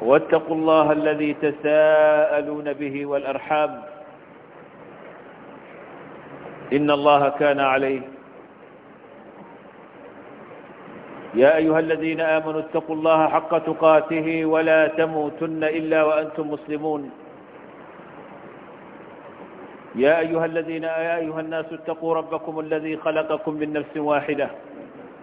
واتقوا الله الذي تساءلون به والأرحام إن الله كان عليه يا أيها الذين آمنوا اتقوا الله حق تقاته ولا تموتن إلا وأنتم مسلمون يا أيها الذين يا أيها الناس اتقوا ربكم الذي خلقكم من نفس واحدة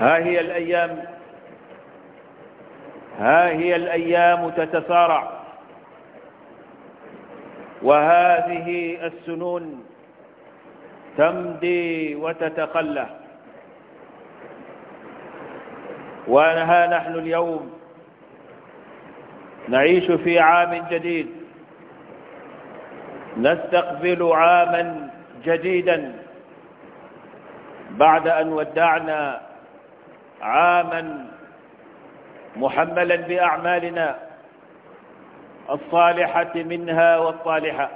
ها هي الأيام ها هي الأيام تتسارع وهذه السنون تمضي وتتخلى وها نحن اليوم نعيش في عام جديد نستقبل عاما جديدا بعد أن ودعنا عاما محملا بأعمالنا الصالحة منها والصالحة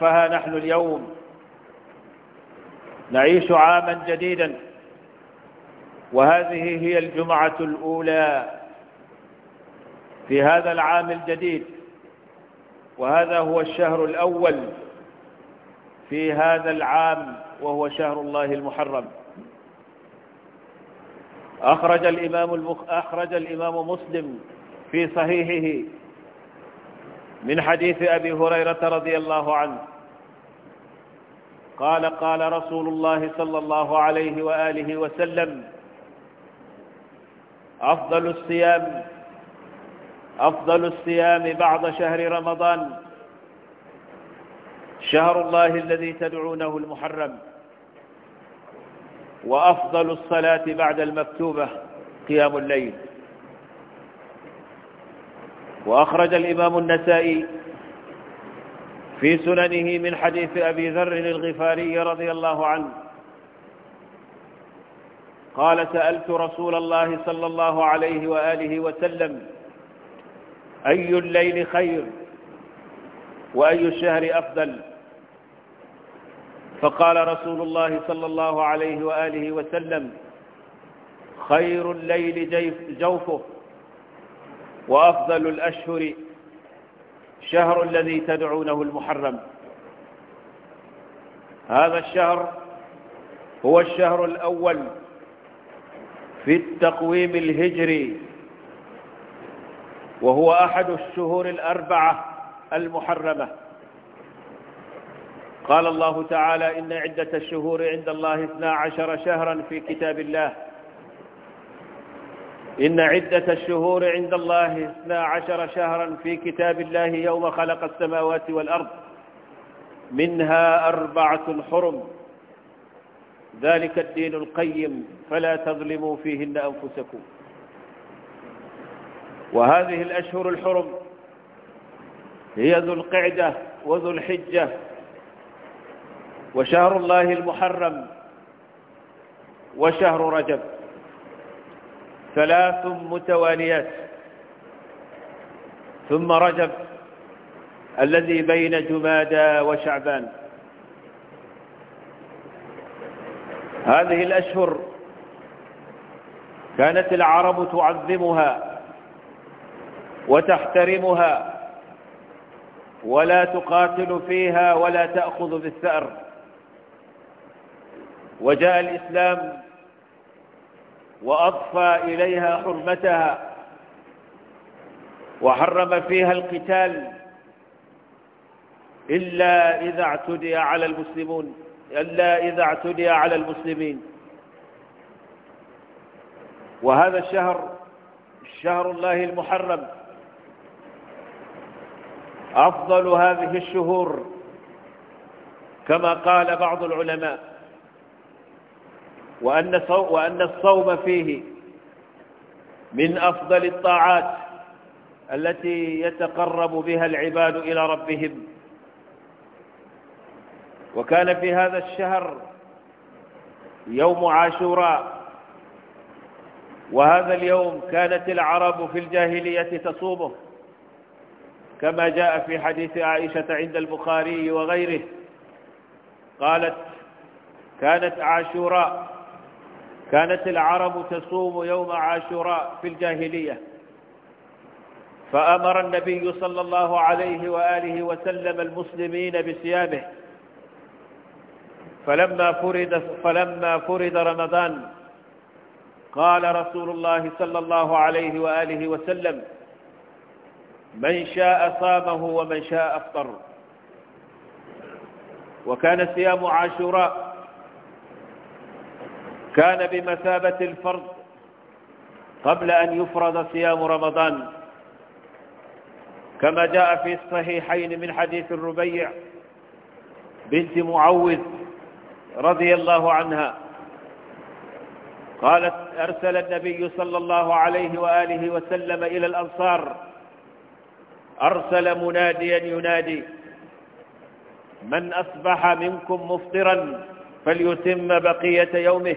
فها نحن اليوم نعيش عاما جديدا وهذه هي الجمعة الأولى في هذا العام الجديد وهذا هو الشهر الأول في هذا العام وهو شهر الله المحرم أخرج الإمام, المخ... أخرج الإمام مسلم في صحيحه من حديث أبي هريرة رضي الله عنه قال قال رسول الله صلى الله عليه وآله وسلم أفضل الصيام أفضل الصيام بعد شهر رمضان شهر الله الذي تدعونه المحرم وأفضل الصلاة بعد المكتوبة قيام الليل وأخرج الإمام النسائي في سننه من حديث أبي ذر الغفاري رضي الله عنه قال سألت رسول الله صلى الله عليه وآله وسلم أي الليل خير وأي الشهر أفضل فقال رسول الله صلى الله عليه وآله وسلم خير الليل جوفه وأفضل الأشهر شهر الذي تدعونه المحرم هذا الشهر هو الشهر الأول في التقويم الهجري وهو أحد الشهور الأربعة المحرمة قال الله تعالى إن عدة الشهور عند الله اثنا عشر شهرا في كتاب الله إن عدة الشهور عند الله اثنا عشر شهرا في كتاب الله يوم خلق السماوات والأرض منها أربعة حرم ذلك الدين القيم فلا تظلموا فيهن أنفسكم وهذه الأشهر الحرم هي ذو القعدة وذو الحجة وشهر الله المحرم وشهر رجب ثلاث متواليات ثم رجب الذي بين جمادى وشعبان هذه الأشهر كانت العرب تعظمها وتحترمها ولا تقاتل فيها ولا تأخذ بالثأر وجاء الإسلام وأضفى إليها حرمتها وحرم فيها القتال إلا إذا اعتدي على المسلمون إلا إذا اعتدي على المسلمين وهذا الشهر شهر الله المحرم أفضل هذه الشهور كما قال بعض العلماء وأن, وأن الصوم فيه من أفضل الطاعات التي يتقرب بها العباد إلى ربهم وكان في هذا الشهر يوم عاشوراء وهذا اليوم كانت العرب في الجاهلية تصومه كما جاء في حديث عائشة عند البخاري وغيره قالت كانت عاشوراء كانت العرب تصوم يوم عاشوراء في الجاهلية فأمر النبي صلى الله عليه وآله وسلم المسلمين بصيامه فلما فرد, فلما فرد رمضان قال رسول الله صلى الله عليه وآله وسلم من شاء صامه ومن شاء أفطر وكان صيام عاشوراء كان بمثابة الفرض قبل أن يفرض صيام رمضان كما جاء في الصحيحين من حديث الربيع بنت معوذ رضي الله عنها قالت أرسل النبي صلى الله عليه وآله وسلم إلى الأنصار أرسل مناديا ينادي من أصبح منكم مفطرا فليتم بقية يومه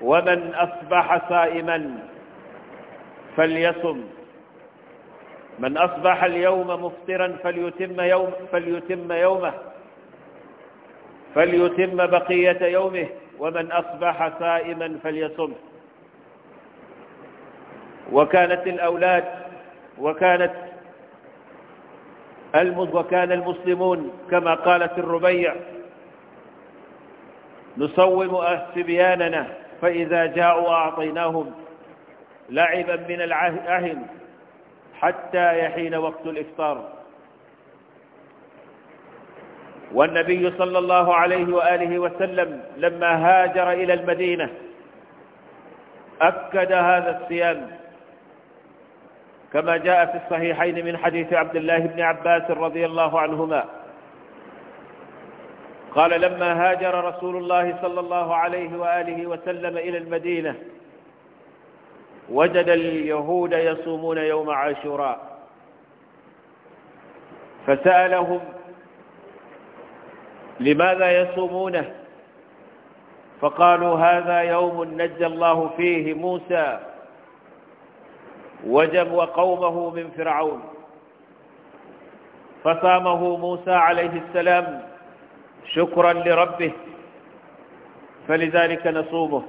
ومن أصبح صائما فليصم من أصبح اليوم مفطرا فليتم, يوم فليتم يومه فليتم بقية يومه ومن أصبح صائما فليصم وكانت الأولاد وكانت وكان المسلمون كما قالت الربيع نصوم أسبياننا فإذا جاءوا أعطيناهم لعبا من الأهل حتى يحين وقت الإفطار والنبي صلى الله عليه وآله وسلم لما هاجر إلى المدينة أكد هذا الصيام كما جاء في الصحيحين من حديث عبد الله بن عباس رضي الله عنهما قال لما هاجر رسول الله صلى الله عليه وآله وسلم إلى المدينة وجد اليهود يصومون يوم عاشوراء فسألهم لماذا يصومونه فقالوا هذا يوم نجى الله فيه موسى وجب وقومه من فرعون فصامه موسى عليه السلام شكرا لربه فلذلك نصومه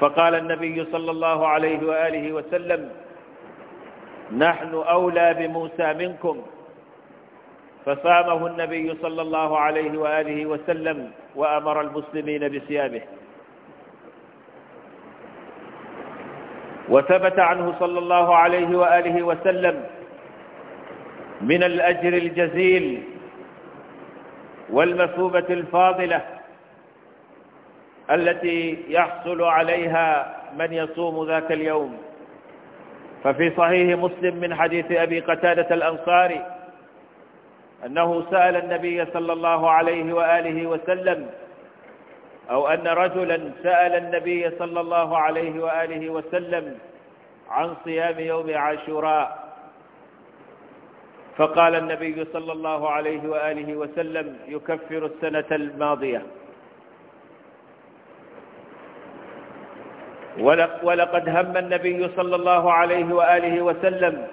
فقال النبي صلى الله عليه وآله وسلم نحن أولى بموسى منكم فصامه النبي صلى الله عليه وآله وسلم وأمر المسلمين بصيامه وثبت عنه صلى الله عليه وآله وسلم من الأجر الجزيل والمثوبة الفاضلة التي يحصل عليها من يصوم ذاك اليوم ففي صحيح مسلم من حديث أبي قتادة الأنصاري أنه سأل النبي صلى الله عليه وآله وسلم أو أن رجلا سأل النبي صلى الله عليه وآله وسلم عن صيام يوم عاشوراء فقال النبي صلى الله عليه وآله وسلم يكفر السنة الماضية ولقد هم النبي صلى الله عليه وآله وسلم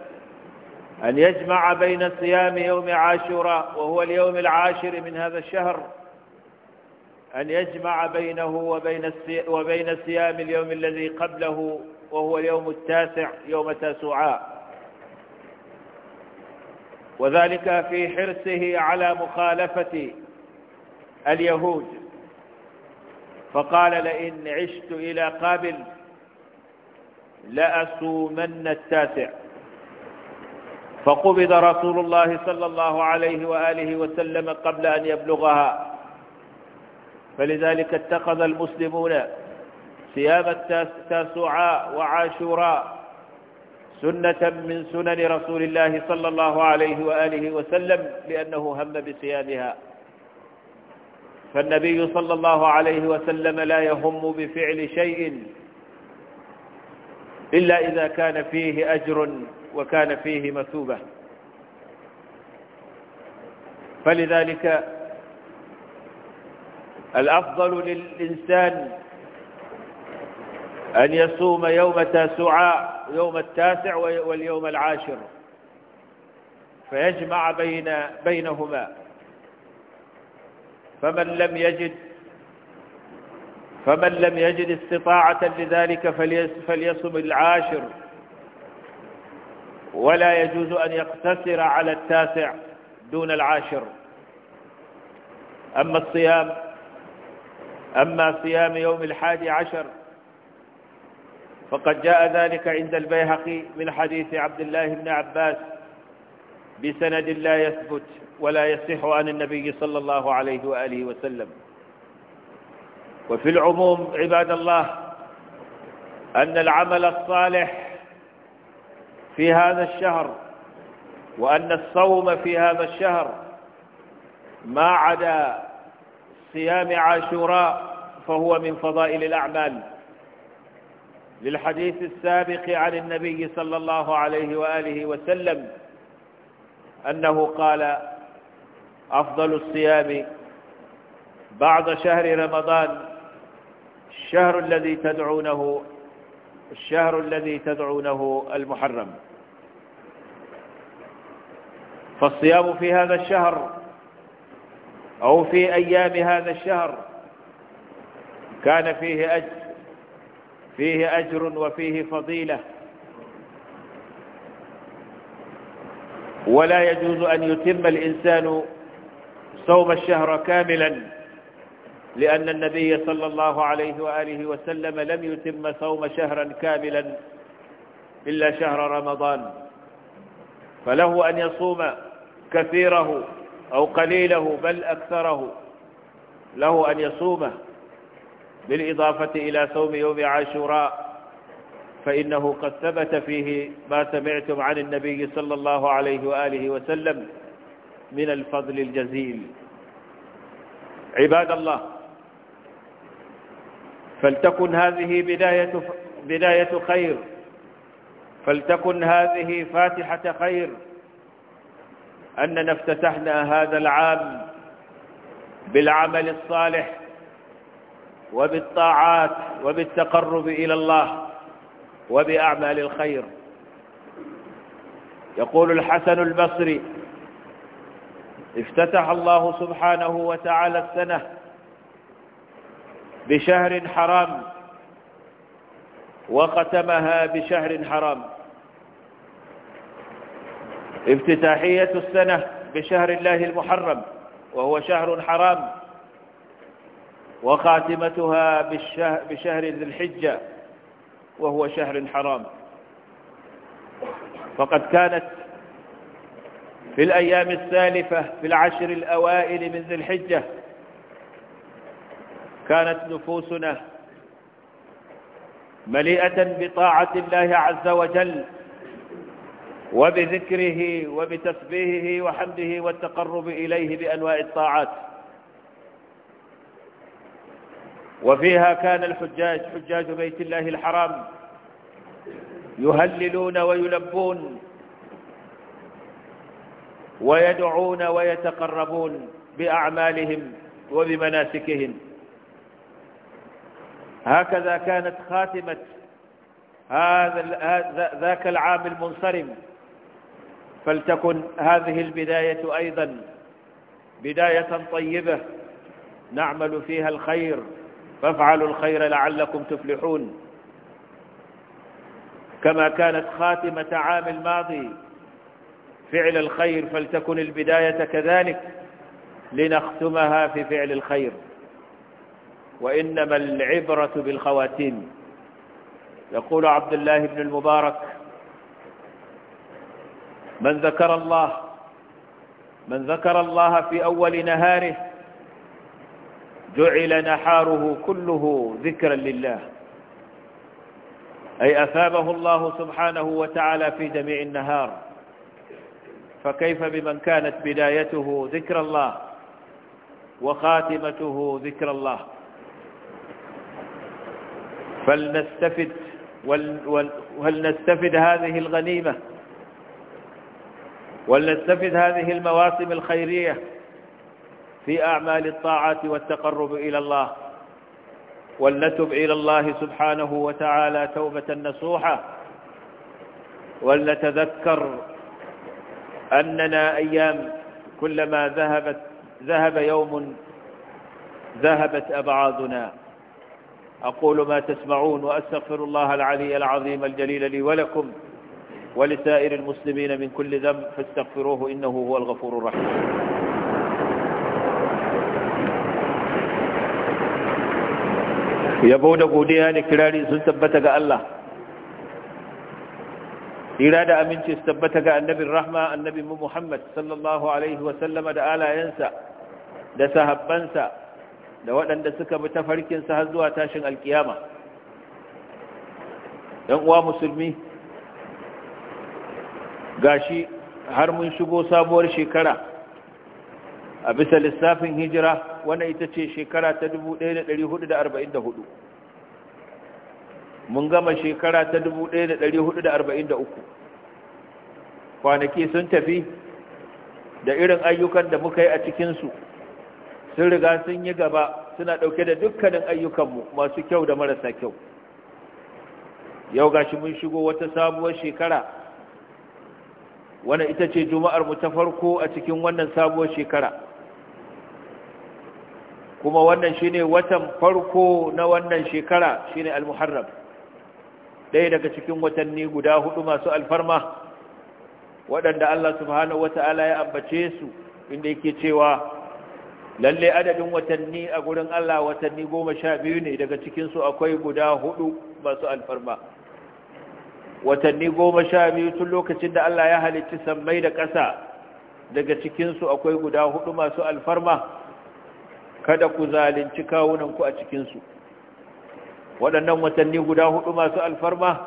أن يجمع بين صيام يوم عاشوراء وهو اليوم العاشر من هذا الشهر أن يجمع بينه وبين وبين صيام اليوم الذي قبله وهو اليوم التاسع يوم تاسوعاء وذلك في حرصه على مخالفة اليهود فقال لئن عشت إلى قابل لأصومن التاسع فقبض رسول الله صلى الله عليه وآله وسلم قبل أن يبلغها فلذلك اتخذ المسلمون صيام التاسعاء وعاشوراء سنة من سنن رسول الله صلى الله عليه وآله وسلم لأنه هم بصيامها فالنبي صلى الله عليه وسلم لا يهم بفعل شيء إلا إذا كان فيه أجر وكان فيه مثوبة فلذلك الأفضل للإنسان أن يصوم يوم تاسعاء يوم التاسع واليوم العاشر فيجمع بين بينهما فمن لم يجد فمن لم يجد استطاعة لذلك فليصم العاشر ولا يجوز أن يقتصر على التاسع دون العاشر أما الصيام أما صيام يوم الحادي عشر فقد جاء ذلك عند البيهقي من حديث عبد الله بن عباس بسند لا يثبت ولا يصح عن النبي صلى الله عليه وآله وسلم وفي العموم عباد الله أن العمل الصالح في هذا الشهر وأن الصوم في هذا الشهر ما عدا صيام عاشوراء فهو من فضائل الأعمال للحديث السابق عن النبي صلى الله عليه وآله وسلم أنه قال أفضل الصيام بعد شهر رمضان الشهر الذي تدعونه الشهر الذي تدعونه المحرم فالصيام في هذا الشهر أو في أيام هذا الشهر كان فيه أجر فيه أجر وفيه فضيلة ولا يجوز أن يتم الإنسان صوم الشهر كاملا لأن النبي صلى الله عليه وآله وسلم لم يتم صوم شهرا كاملا إلا شهر رمضان فله أن يصوم كثيره أو قليله بل أكثره له أن يصومه بالإضافة إلى صوم يوم عاشوراء فإنه قد ثبت فيه ما سمعتم عن النبي صلى الله عليه وآله وسلم من الفضل الجزيل عباد الله فلتكن هذه بداية, بداية خير فلتكن هذه فاتحة خير أننا افتتحنا هذا العام بالعمل الصالح وبالطاعات وبالتقرب إلى الله وبأعمال الخير يقول الحسن البصري افتتح الله سبحانه وتعالى السنة بشهر حرام وختمها بشهر حرام افتتاحية السنة بشهر الله المحرم وهو شهر حرام وخاتمتها بالشهر بشهر ذي الحجة وهو شهر حرام فقد كانت في الأيام السالفة في العشر الأوائل من ذي الحجة كانت نفوسنا مليئة بطاعة الله عز وجل وبذكره وبتسبيهه وحمده والتقرب إليه بأنواع الطاعات وفيها كان الحجاج حجاج بيت الله الحرام يهللون ويلبون ويدعون ويتقربون بأعمالهم وبمناسكهم هكذا كانت خاتمة هذا ذاك العام المنصرم فلتكن هذه البداية أيضا بداية طيبة نعمل فيها الخير فافعلوا الخير لعلكم تفلحون كما كانت خاتمة عام الماضي فعل الخير فلتكن البداية كذلك لنختمها في فعل الخير وإنما العبرة بالخواتيم يقول عبد الله بن المبارك من ذكر الله من ذكر الله في أول نهاره جعل نحاره كله ذكرا لله أي أثابه الله سبحانه وتعالى في جميع النهار فكيف بمن كانت بدايته ذكر الله وخاتمته ذكر الله فلنستفد ولنستفد هذه الغنيمة ولنستفد هذه المواسم الخيرية في أعمال الطاعات والتقرب إلى الله ولنتب إلى الله سبحانه وتعالى توبة نصوحة ولنتذكر أننا أيام كلما ذهبت ذهب يوم ذهبت أبعادنا أقول ما تسمعون وأستغفر الله العلي العظيم الجليل لي ولكم ولسائر المسلمين من كل ذنب فاستغفروه إنه هو الغفور الرحيم yabo da godiya da kirari sun tabbata ga Allah ira da aminci su tabbata ga annabin rahma annabin mu Muhammad sallallahu alaihi wa sallama da alayensa da sahabbansa da waɗanda suka bi tafarkinsa har zuwa tashin alkiyama ɗan uwa musulmi gashi har mun shigo sabuwar shekara a bisa lissafin hijira wannan ita ce shekara ta 1444 mun gama shekara ta 1443 kwanaki sun tafi da irin ayyukan da muka yi a cikinsu sun riga sun yi gaba suna ɗauke da dukkanin ayyukanmu masu kyau da marasa kyau yau gashi mun shigo wata sabuwar shekara wannan ita ce juma'ar mu ta farko a cikin wannan sabuwar shekara kuma wannan shi ne watan farko na wannan shekara shi ne al-muharram ɗaya daga cikin watanni guda hudu masu alfarma waɗanda Allah subhanahu Ta'ala ya ambace su inda yake cewa lalle adadin watanni a gurin Allah watanni goma sha biyu ne daga cikinsu akwai guda hudu masu alfarma watanni goma sha biyu tun lokacin da Allah ya halicci sammai da ƙasa daga cikinsu akwai guda hudu masu alfarma kada ku zalunci kawunanku a cikinsu waɗannan watanni guda hudu masu alfarma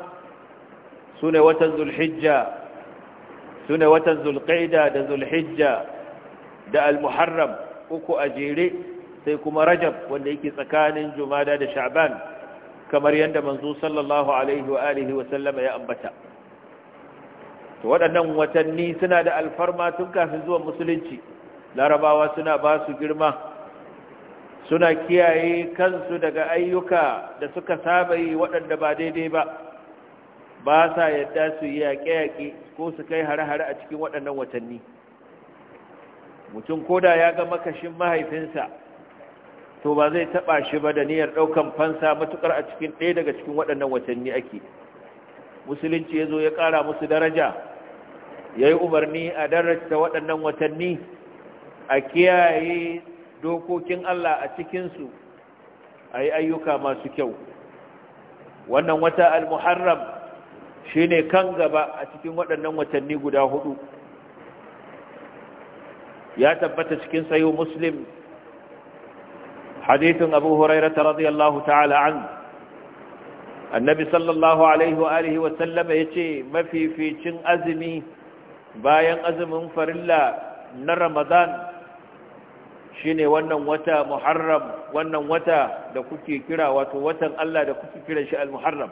su ne watan zulhijja su ne watan zulƙaida da zulhijja da almuharram uku a jere sai kuma rajab wanda yake tsakanin jumada da sha'ban kamar yadda manzo sallallahu alaihi wa alihi wa sallama ya ambata to waɗannan watanni suna da alfarma tun kafin zuwan musulunci larabawa suna ba su girma suna kiyaye kansu daga ayyuka da suka saba yi waɗanda ba daidai ba ba sa yadda su yi yaƙe-yaƙe ko su kai hare-hare a cikin waɗannan watanni mutum koda ya ga makashin mahaifinsa to ba zai taɓa shi ba da niyyar ɗaukan fansa matuƙar a cikin ɗaya daga cikin waɗannan watanni ake musulunci ya zo ya ƙara musu daraja ya yi umarni a darajta waɗannan watanni a kiyaye dokokin Allah a cikinsu a yi ayyuka masu kyau wannan wata al-muharram shi ne kan gaba a cikin waɗannan watanni guda hudu ya tabbata cikin sayo muslim hadithin abu hurairata radiyallahu ta'ala an annabi sallallahu alaihi wa alihi wa sallama yace mafificin azumi bayan azumin farilla na ramadan shine wannan wata muharram wannan wata da kuke kira wato watan Allah da kuke kira shi al-muharram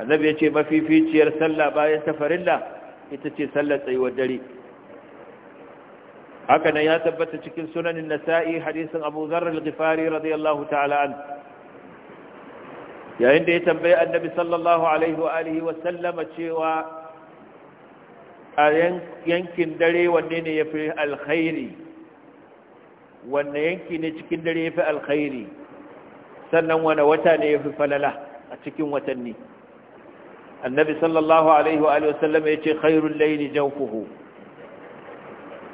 annabi yace mafificiyar sallah bayan tafarilla ita ce sallar tsayuwar dare haka nan ya tabbata cikin sunanin nasa'i hadisin Abu Dharr al-Ghifari radiyallahu ta'ala an yayin da ya tambaye annabi sallallahu alaihi wa alihi wa sallama cewa a yankin dare wanne ne yafi alkhairi wanne yanki ne cikin dare ya fi alkhairi sannan wane wata ne ya fi falala a cikin watanni annabi sallallahu alaihi wa alihi wasallam ya ce khairul layli jawfuhu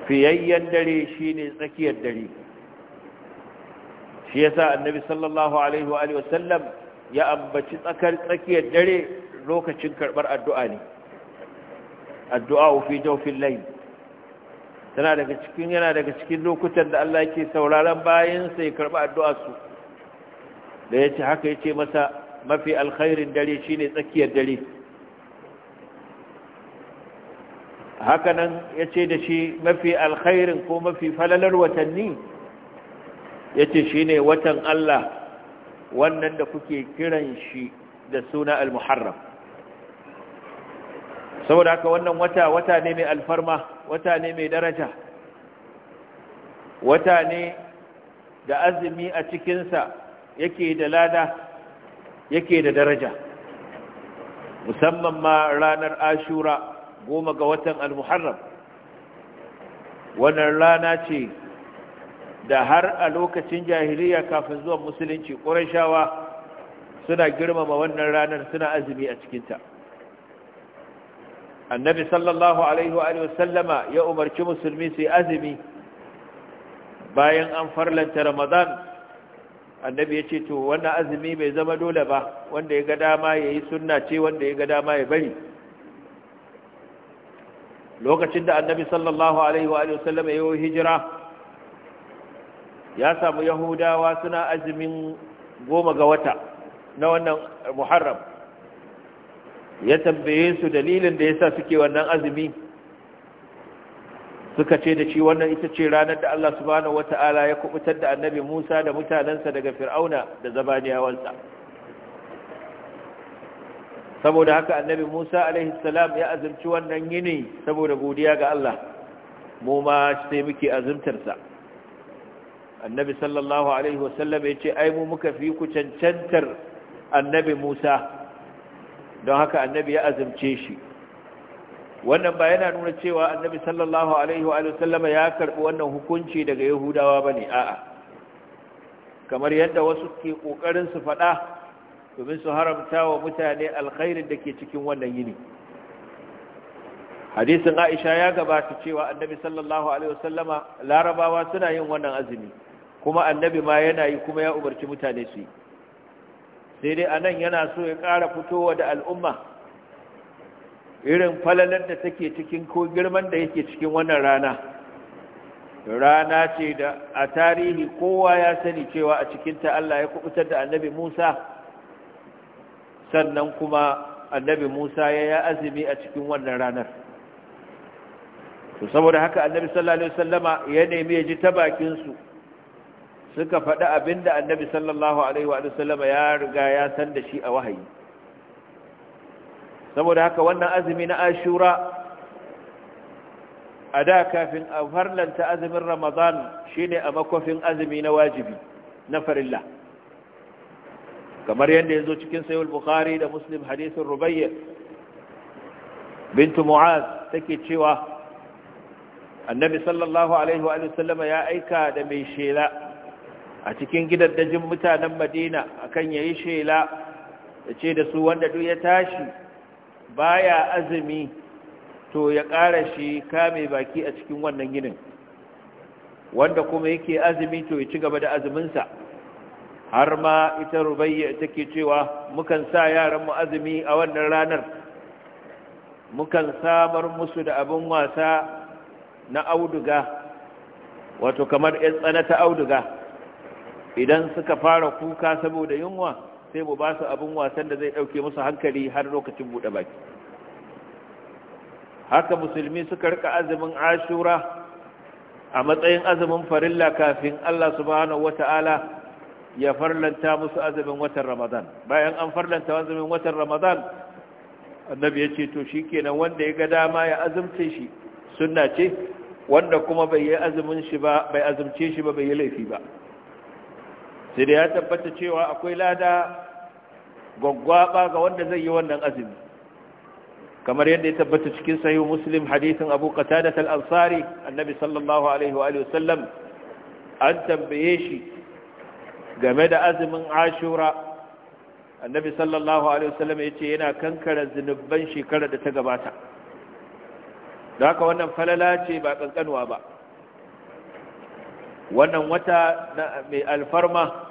fiyayyen dare shi ne tsakiyar dare shi ya sa annabi sallallahu alaihi wa alihi wasallam ya ambaci tsakiyar dare lokacin karɓar addu'a ne addu'a fi jawfil layl tana daga cikin yana daga cikin lokutan da Allah yake sauraron bayansa ya karɓi addu'arsu da ya ce haka ya ce masa mafi alkhairin dare shine tsakiyar dare haka nan ya ce da shi mafi alkhairin ko mafi falalar watanni ya ce shi ne watan Allah wannan da kuke kiran shi da suna al-muharram saboda haka wannan wata wata ne mai alfarma wata ne mai daraja wata ne da azumi a cikinsa yake da lada yake da daraja musamman ma ranar ashura goma ga watan al-muharram wannan rana ce da har a lokacin jahiliya kafin zuwan musulunci ƙurashawa suna girmama wannan ranar suna azumi a cikinta annabi sallallahu alaihi wa sallama ya umarci musulmi su yi azumi bayan an farlanta ramadan annabi ya ce to wannan azumi bai zama dole ba wanda ya ga dama ya yi sunna ce wanda ya ga dama ya bari lokacin da annabi sallallahu alaihi wa sallama ya yi hijira ya samu yahudawa suna azumin goma ga wata na wannan muharram ya tambaye su dalilin da yasa suke wannan azumi suka ce da shi wannan ita ce ranar da Allah subhanahu wata'ala ya kubutar da annabi Musa da mutanensa daga Fir'auna da zabaniyawansa saboda haka annabi Musa alaihi salam ya azumci wannan yini saboda godiya ga Allah mu ma sai muke azumtarsa. annabi sallallahu alaihi wasallam ya ce ai mu muka fi ku cancantar annabi Musa don haka annabi ya azumce shi wannan ba yana nuna cewa annabi sallallahu alaihi wa sallama ya karbi wannan hukunci daga yahudawa ba ne? a'a kamar yadda wasu ke kokarin su fada domin su haramta wa mutane alkhairin da ke cikin wannan yini hadisin aisha ya gabata cewa annabi sallallahu alaihi wa sallama, larabawa suna yin wannan azumi kuma annabi ma yana yi kuma ya umarci mutane su yi sai dai anan yana so ya ƙara fitowa da al'umma irin falalar da take cikin ko girman da yake cikin wannan rana rana ce da a tarihi kowa ya sani cewa a cikinta Allah ya kubutar da annabi Musa sannan kuma annabi Musa ya yi azumi a cikin wannan ranar saboda haka annabi sallallahu alaihi wasallama ya nemi ya ji ta bakin su suka faɗi abinda annabi sallallahu alaihi wa sallama ya riga ya san da shi a wahayi saboda haka wannan azumi na ashura a da kafin a farlanta azumin ramadan shine a makofin azumi na wajibi na farilla kamar yadda ya zo cikin sayul bukhari da muslim hadisin rubayya bintu mu'az take cewa annabi sallallahu alaihi wa ya aika da mai shela a cikin gidan dajin mutanen madina akan yayi shela yace ce da su wanda duk ya tashi baya azumi to ya ƙara shi kame baki a cikin wannan ginin wanda kuma yake azumi to ya ci gaba da azuminsa har ma ita rubayya take cewa mukan sa yaranmu azumi a wannan ranar mukan samar musu da abin wasa na auduga wato kamar 'yan tsana ta auduga idan suka fara kuka saboda yunwa sai mu ba su abin wasan da zai ɗauke musu hankali har lokacin buɗe baki haka musulmi suka rika azumin ashura a matsayin azumin farilla kafin Allah subhanahu wata'ala ya farlanta musu azumin watan ramadan bayan an farlanta azumin watan ramadan annabi ya ce to shi kenan wanda ya ga dama ya azumce shi sunna ce wanda kuma bai yi azumin shi ba bai azumce shi ba bai yi laifi ba sai ya tabbata cewa akwai lada gwaggwaba ga wanda zai yi wannan azumi kamar yadda ya tabbata cikin sahihu muslim hadithin abu qatadah al-ansari annabi sallallahu alaihi wa an tambaye shi game da azumin ashura annabi sallallahu alaihi wasallam yace yana kankara zinuban shekarar da ta gabata da haka wannan falala ce ba kankanuwa ba wannan wata mai alfarma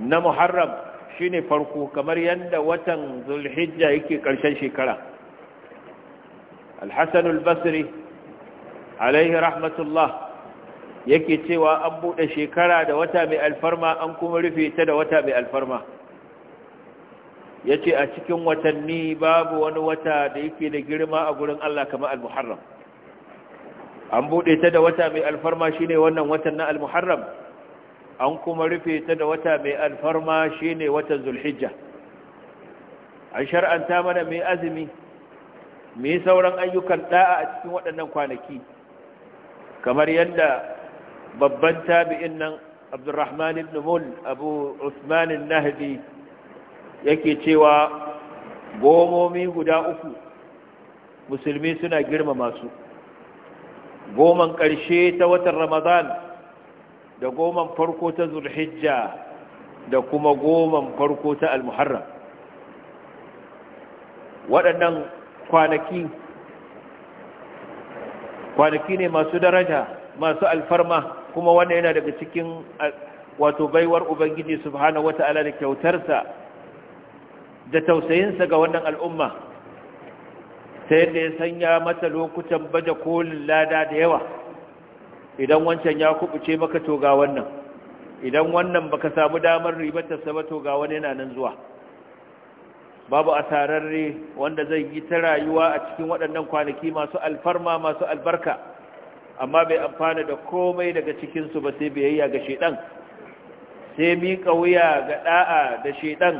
na muharram shine farko kamar yadda watan zulhijja yake karshen shekara alhassan albasri alaihi rahmatullah yake cewa an buɗe shekara da wata mai alfarma an kuma rufe ta da wata mai alfarma ya ce a cikin watanni babu wani wata da yake da girma a gurin Allah kama almuharram. an buɗe ta da wata mai alfarma shine wannan watan na almuharram? an kuma rufe ta da wata mai alfarma shine watan zulhijja an shar'anta mana mai azumi mai sauran ayyukan da'a a cikin waɗannan kwanaki kamar yadda babban tabi'in nan abdurrahman ibn mul abu usman nahdi yake cewa gomomi guda uku musulmi suna girmama su goman ƙarshe ta watan ramadan da goman farko ta zulhijja da kuma goman farko ta almuharram waɗannan kwanaki kwanaki ne masu daraja masu alfarma kuma wannan yana daga cikin wato baiwar ubangiji wata ala da kyautarsa da tausayinsa ga wannan al'umma Sai da ya sanya mata lokutan baje kolin lada da yawa idan wancan ya kubuce maka to ga wannan idan wannan baka samu damar ribatarsa ba to ga wani yana nan zuwa babu asararre wanda zai yi ta rayuwa a cikin waɗannan kwanaki masu alfarma masu albarka amma bai amfana da komai daga cikinsu ba sai biyayya ga shaidan sai miƙa wuya ga ɗa'a da shaidan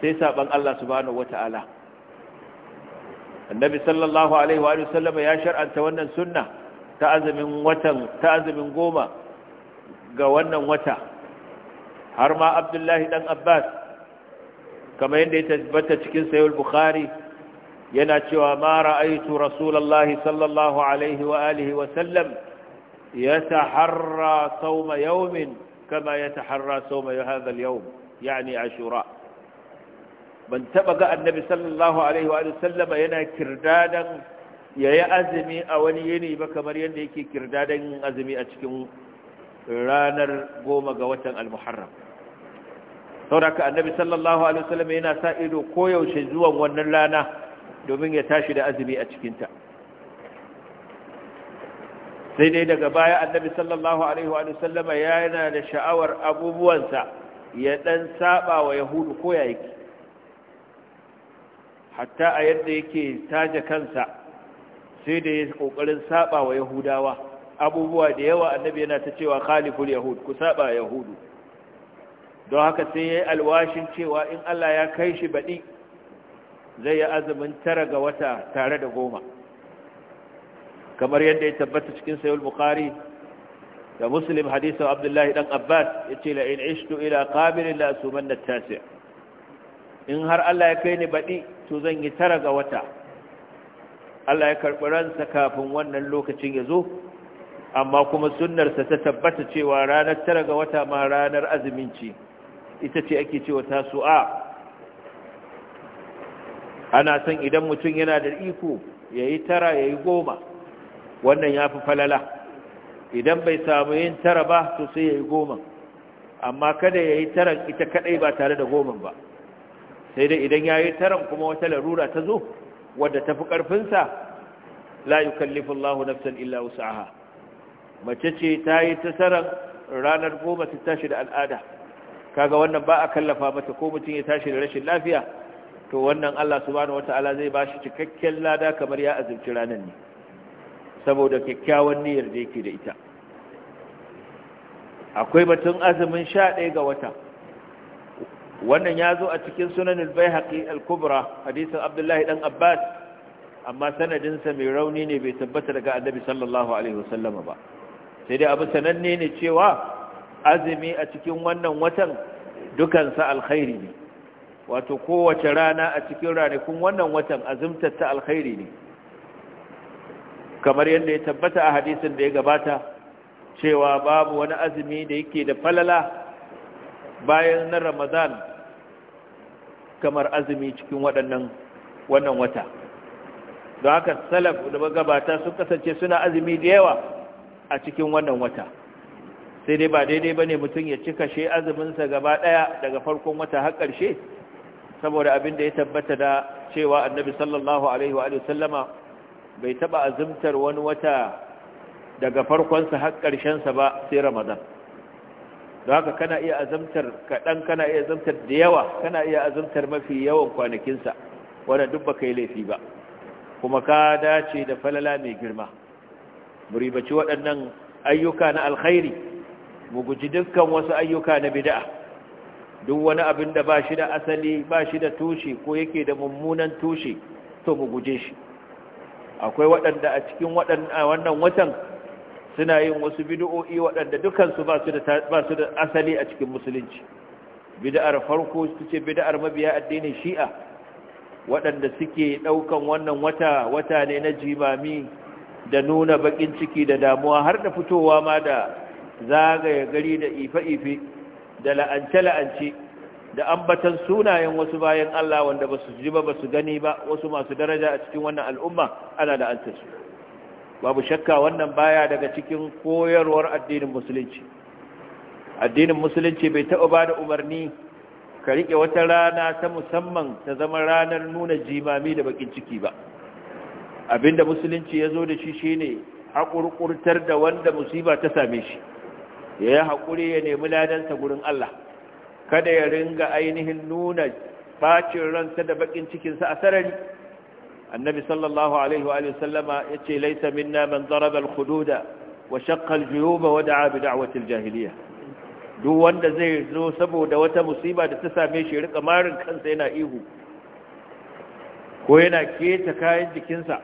sai saɓan Allah subhanahu wata'ala annabi sallallahu alaihi wa sallam ya shar'anta wannan sunna ta azumin watan ta azumin goma ga wannan wata har ma abdullahi dan abbas kamar yadda ya tabbata cikin sayul bukhari yana cewa ma ra'aytu rasulullahi sallallahu alaihi wa alihi wa sallam yataharra sawma yawmin kama yataharra sawma hadha al-yawm yani ashura ban taba ga annabi sallallahu alaihi wa alihi wa sallama yana kirdadan ya yi azumi a wani yini ba kamar yadda yake kirdadan yin azumi a cikin ranar goma ga watan Al-Muharram? almuharram sauraka annabi sallallahu alaihi wasallam yana sa ido koyaushe zuwan wannan rana domin ya tashi da azumi a cikinta sai dai daga baya annabi sallallahu alaihi wasallama yana da sha'awar abubuwansa ya dan saba wa yahudu ko ya yake hatta a yadda yake taje kansa sai da ya kokarin saba wa yahudawa abubuwa da yawa annabi yana ta cewa khaliful yahud ku saba yahudu don haka sai yayi alwashin cewa in Allah ya kai shi badi zai yi azumin tara ga wata tare da goma kamar yadda ya tabbata cikin sayul bukhari da muslim hadisin abdullahi dan abbas ya ce la in ishtu ila qabil la asumanna tasi in har Allah ya kai ni badi to zan yi tara ga wata Allah ya karɓi ransa kafin wannan lokacin ya zo amma kuma sunnarsa ta tabbata cewa ranar tara ga wata ma ranar azumin ce ita ce ake cewa a. ana son idan mutum yana da iko ya yi tara ya yi goma wannan ya fi falala idan bai samu yin tara ba to sai ya yi goma amma kada ya yi taran ita kadai ba tare da goma ba sai dai idan ya yi taran kuma wata larura ta zo wadda tafi karfinsa la yukallifu Allahu nafsan illa wus'aha mace ce ta yi tasaran ranar goma ta tashi da al'ada kaga wannan ba a kallafa mata ko mutum ya tashi da rashin lafiya to wannan Allah subhanahu wata'ala zai ba shi cikakken lada kamar ya azurci ranar ne saboda kyakkyawan niyyar da yake da ita akwai batun azumin sha ɗaya ga wata wannan ya zo a cikin sunan al-baihaqi al-kubra hadisin abdullahi dan abbas amma sanadinsa mai rauni ne bai tabbata daga annabi sallallahu alaihi wasallam ba sai dai abu sananne ne cewa azumi a cikin wannan watan dukansa alkhairi ne wato kowace rana a cikin ranakun wannan watan azumtar ta alkhairi ne kamar yadda ya tabbata a hadisin da ya gabata cewa babu wani azumi da yake da falala bayan na ramadan kamar azumi cikin waɗannan wannan wata don haka salaf da magabata sun kasance suna azumi da yawa a cikin wannan wata sai dai ba daidai ba ne mutum ya cika shi azuminsa gaba ɗaya daga farkon wata har ƙarshe saboda abin da ya tabbata da cewa annabi sallallahu alaihi wa sallama bai taɓa azumtar wani wata daga farkonsa har ƙarshensa ba sai ramadan don haka kana iya azamtar kaɗan kana iya azamtar da yawa kana iya azamtar mafi yawan kwanakinsa wanda duk ba yi laifi ba kuma ka dace da falala mai girma muribaci waɗannan ayyuka na alkhairi mu guji dukkan wasu ayyuka na bida'a duk wani abin da ba shi da asali ba shi da tushe ko yake da mummunan tushe to mu guje shi akwai waɗanda a cikin wannan watan suna yin wasu bid'o'i waɗanda dukansu ba su da asali a cikin musulunci bid'ar farko su ce bid'ar mabiya addinin shi'a waɗanda suke ɗaukan wannan wata wata ne na jimami da nuna baƙin ciki da damuwa har da fitowa ma da zagaya gari da ife-ife da la'ance-la'ance da ambatan sunayen wasu bayan Allah wanda ba su ji ba ba su gani ba wasu masu daraja a cikin wannan al'umma ana su. babu shakka wannan baya daga cikin koyarwar addinin musulunci addinin musulunci bai taɓa ba da umarni ka riƙe wata rana ta musamman ta zama ranar nuna jimami da bakin ciki ba abinda musulunci ya zo da shi shi ne haƙurƙurtar da wanda musiba ta same shi ya yi haƙuri ya nemi ladansa gurin Allah kada ya ringa ainihin nuna bacin ransa da bakin cikinsa a sarari النبي صلى الله عليه وآله وسلم يتي ليس منا wa ضرب الخدود wa الجيوب ودعا بدعوة الجاهلية duk wanda zai zo saboda wata musiba da ta same shi rika marin kansa yana ihu ko yana keta kayan jikinsa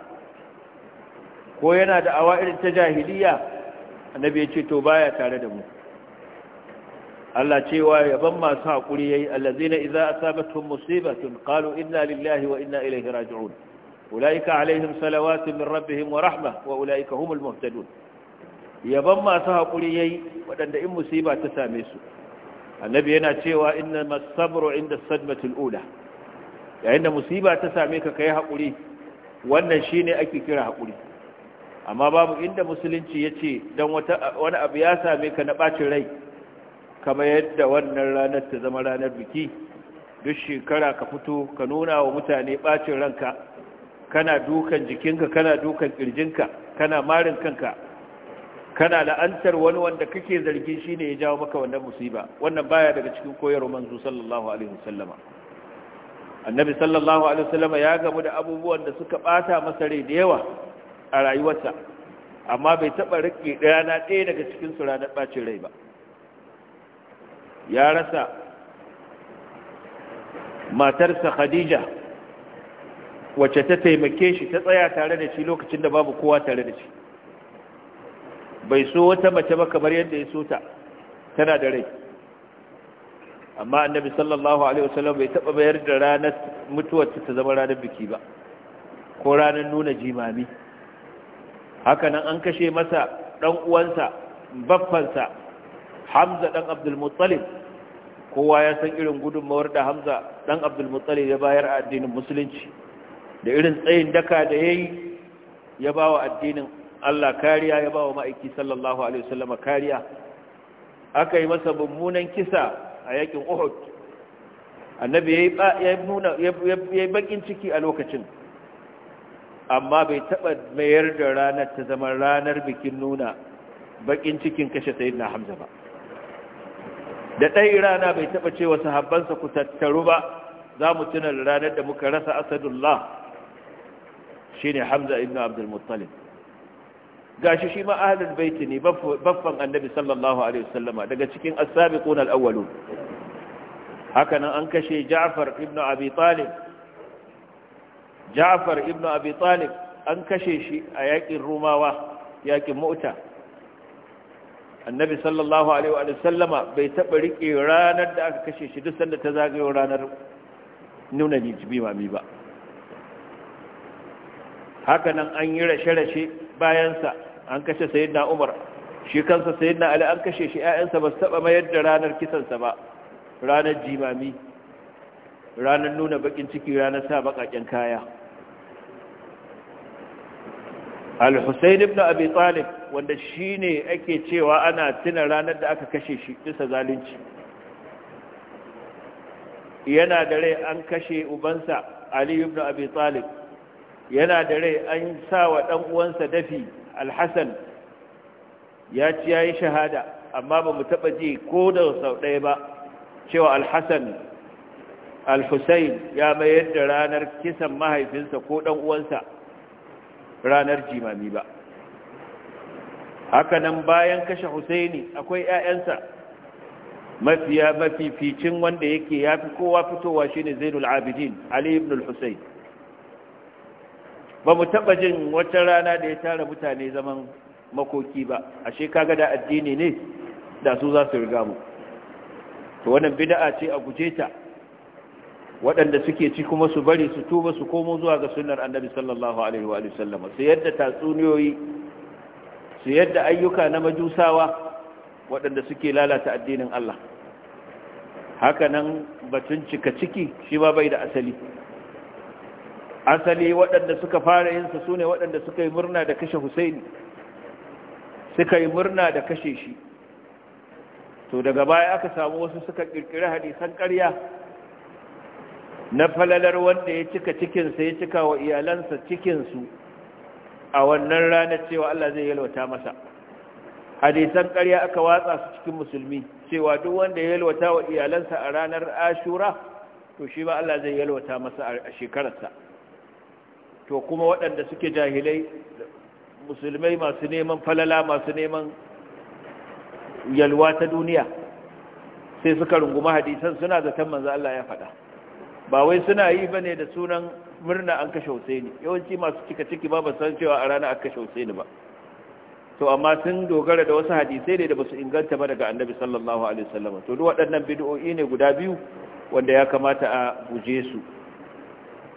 ko yana da awa irin ta jahiliya annabi ya ce to baya tare da mu Allah cewa yaban masu haƙuri yayi allazina idza asabatuhum musibatun qalu inna lillahi wa inna ilaihi raji'un أولئك عليهم صلوات من ربهم ورحمة وأولئك هم المهتدون yaban masu haƙuri ya yi waɗanda in musiba ta same su annabi yana cewa inna masabro inda sadmatul ula yayin da musiba ta same ka kai haƙuri wannan shine ake kira haƙuri amma babu inda musulunci ya ce don wani abu ya same ka na ɓacin rai kamar yadda wannan ranar ta zama ranar biki duk shekara ka fito ka nuna wa mutane ɓacin ranka kana dukan jikinka kana dukan kirjinka kana marin kanka kana la'antar wani wanda kake zargi shine ya jawo maka wannan musiba wannan baya daga cikin koyarwar manzo sallallahu alaihi wasallama annabi sallallahu alaihi wasallama ya gamu da abubuwan da suka bata masa rai da yawa a rayuwarsa amma bai taba rike na ɗaya daga cikin su ranar bacin rai ba ya rasa matarsa khadija wacce ta taimake shi ta tsaya tare da shi lokacin da babu kowa tare da shi bai so wata mace ba kamar yadda ya so ta tana da rai amma annabi sallallahu alaihi wasallam bai taba bayar da ranar mutuwar ta zama ranar biki ba ko ranar nuna jimami Haka nan an kashe masa dan uwansa baffansa Hamza dan Abdul Muttalib kowa ya san irin gudunmawar da Hamza dan Abdul Muttalib ya bayar a addinin musulunci da irin tsayin daka da ya yi ya ba wa addinin Allah kariya ya ba wa ma'aiki sallallahu alaihi wasallam kariya aka yi masa mummunan kisa a yakin Uhud annabi ya yi bakin ciki a lokacin amma bai taɓa mayar da ranar ta zama ranar bikin nuna bakin cikin kashe sayid na hamza ba da ɗai rana bai taɓa cewa sahabbansa ku tattaru ba za mu tunar ranar da muka rasa asadullah shine hamza ibn abdul muttalib gashi shi ma ahlul bait ne baffan annabi sallallahu alaihi wasallama daga cikin as-sabiqun al-awwalun haka nan an kashe ja'far ibn abi talib ja'far ibn abi talib an kashe shi a yakin rumawa yakin mu'ta annabi sallallahu alaihi bai taba rike ranar da aka kashe shi duk sanda ta zagayo ranar nuna ni jibi ba haka nan an yi rashe-rashe bayansa an kashe sayyidina umar shi kansa na ali an kashe shi 'ya'yansa ba su taba mayar da ranar kisansa ba ranar jimami ranar nuna bakin ciki ranar sa bakakken kaya al-husayn ibn abi talib wanda shine ake cewa ana tuna ranar da aka kashe shi bisa zalunci yana da rai an kashe ubansa ali ibn abi talib yana da rai an sa wa ɗan uwansa dafi alhassan ya ci ya yi shahada amma ba mu taɓa ji ko da sau ɗaya ba cewa alhassan alhussein ya mayar da ranar kisan mahaifinsa ko ɗan uwansa ranar jimami ba Haka nan bayan kashe husaini akwai 'ya'yansa mafi mafificin wanda yake ya fi kowa fitowa shine zainul abidin ali ibn al ba mu taɓa jin wata rana da ya tara mutane zaman makoki ba ashe shekaga da addini ne da su za su riga mu to wannan bid'a ce a guje ta waɗanda suke ci kuma su bari su tuba su komo zuwa ga sunnar annabi sallallahu alaihi wa sallama su yadda tatsuniyoyi su yadda ayyuka na majusawa waɗanda suke lalata addinin Allah haka nan batun cika ciki shi ma bai da asali asali waɗanda suka fara yinsa su ne waɗanda suka yi murna da kashe husaini suka yi murna da kashe shi to daga baya aka samu wasu suka ƙirƙiri hadisan ƙarya na falalar wanda ya cika cikinsa ya cika wa iyalansa cikinsu a wannan ranar cewa Allah zai yalwata masa hadisan ƙarya aka watsa su cikin musulmi cewa duk wanda ya yalwata wa iyalansa a ranar ashura to shi ba Allah zai yalwata masa a shekararsa to kuma waɗanda suke jahilai musulmai masu neman falala masu neman yalwa ta duniya sai suka runguma hadisan suna zaton manzo Allah ya faɗa ba wai suna yi bane da sunan murna an kashe Husaini yawanci masu cika ciki ba ba san cewa a rana an kashe Husaini ba to amma sun dogara da wasu hadisai ne da basu inganta ba daga Annabi sallallahu alaihi wasallam to duk waɗannan bid'o'i ne guda biyu wanda ya kamata a guje su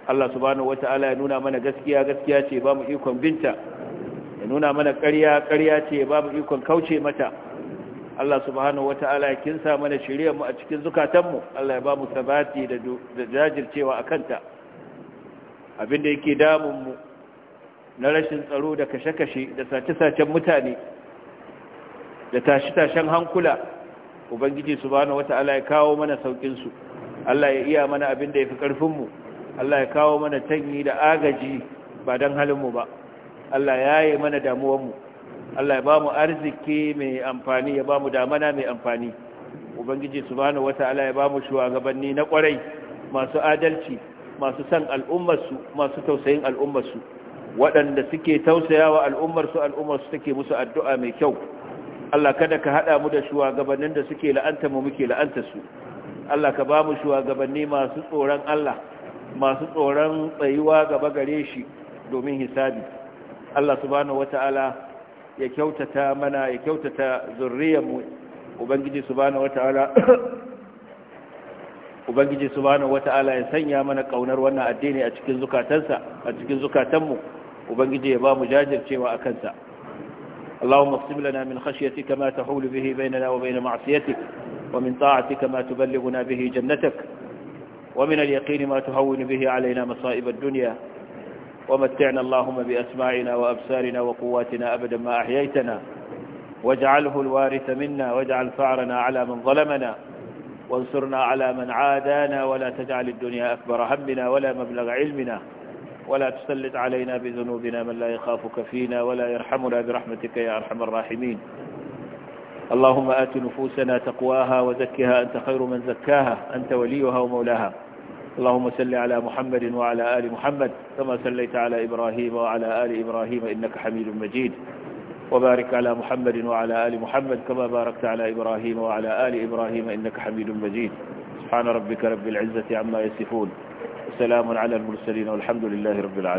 Allah subhanahu wata'ala ya nuna mana gaskiya gaskiya ce ba mu ikon binta ya nuna mana ƙarya ƙarya ce ba mu ikon kauce mata Allah subhanahu wata'ala ya kinsa mana shiriyar mu a cikin zukatanmu Allah ya ba mu sabati da jajircewa a kanta abinda yake damun mu na rashin tsaro da kashe-kashe da sace-sacen mutane da tashi-tashen hankula ubangiji subhanahu wata'ala ya kawo mana saukin su Allah ya iya mana abin da yafi karfin mu Allah ya kawo mana tanyi da agaji ba don mu ba Allah ya yi mana damuwanmu Allah ya ba mu arziki mai amfani ya ba mu damana mai amfani ubangiji subhanahu wata'ala ya ba mu shugabanni na kwarai masu adalci masu san al'ummarsu masu tausayin al'ummarsu waɗanda suke tausayawa al'ummarsu al'ummarsu take musu addu'a mai kyau Allah kada ka haɗa mu da shugabannin da suke la'anta mu muke la'anta su Allah ka ba mu shugabanni masu tsoron Allah masu tsoron tsayuwa gaba gare shi domin hisabi Allah subhanahu wata'ala ya kyautata mana ya kyautata zurriyarmu ubangiji subhanahu wata'ala ubangiji subhanahu wata'ala ya sanya mana kaunar wannan addini a cikin zukatansa a cikin zukatanmu ubangiji ya ba mu jajircewa akan sa اللهم اقسم لنا من خشيتك ما تحول به بيننا وبين معصيتك ومن طاعتك ما تبلغنا به جنتك ومن اليقين ما تهون به علينا مصائب الدنيا ومتعنا اللهم بأسماعنا وأبصارنا وقواتنا أبدا ما أحييتنا واجعله الوارث منا واجعل فعرنا على من ظلمنا وانصرنا على من عادانا ولا تجعل الدنيا أكبر همنا ولا مبلغ علمنا ولا تسلط علينا بذنوبنا من لا يخافك فينا ولا يرحمنا برحمتك يا أرحم الراحمين اللهم آت نفوسنا تقواها وزكها أنت خير من زكاها أنت وليها ومولاها اللهم صل على محمد وعلى آل محمد كما صليت على إبراهيم وعلى آل إبراهيم إنك حميد مجيد وبارك على محمد وعلى آل محمد كما باركت على إبراهيم وعلى آل إبراهيم إنك حميد مجيد سبحان ربك رب العزة عما يصفون سلام على المرسلين والحمد لله رب العالمين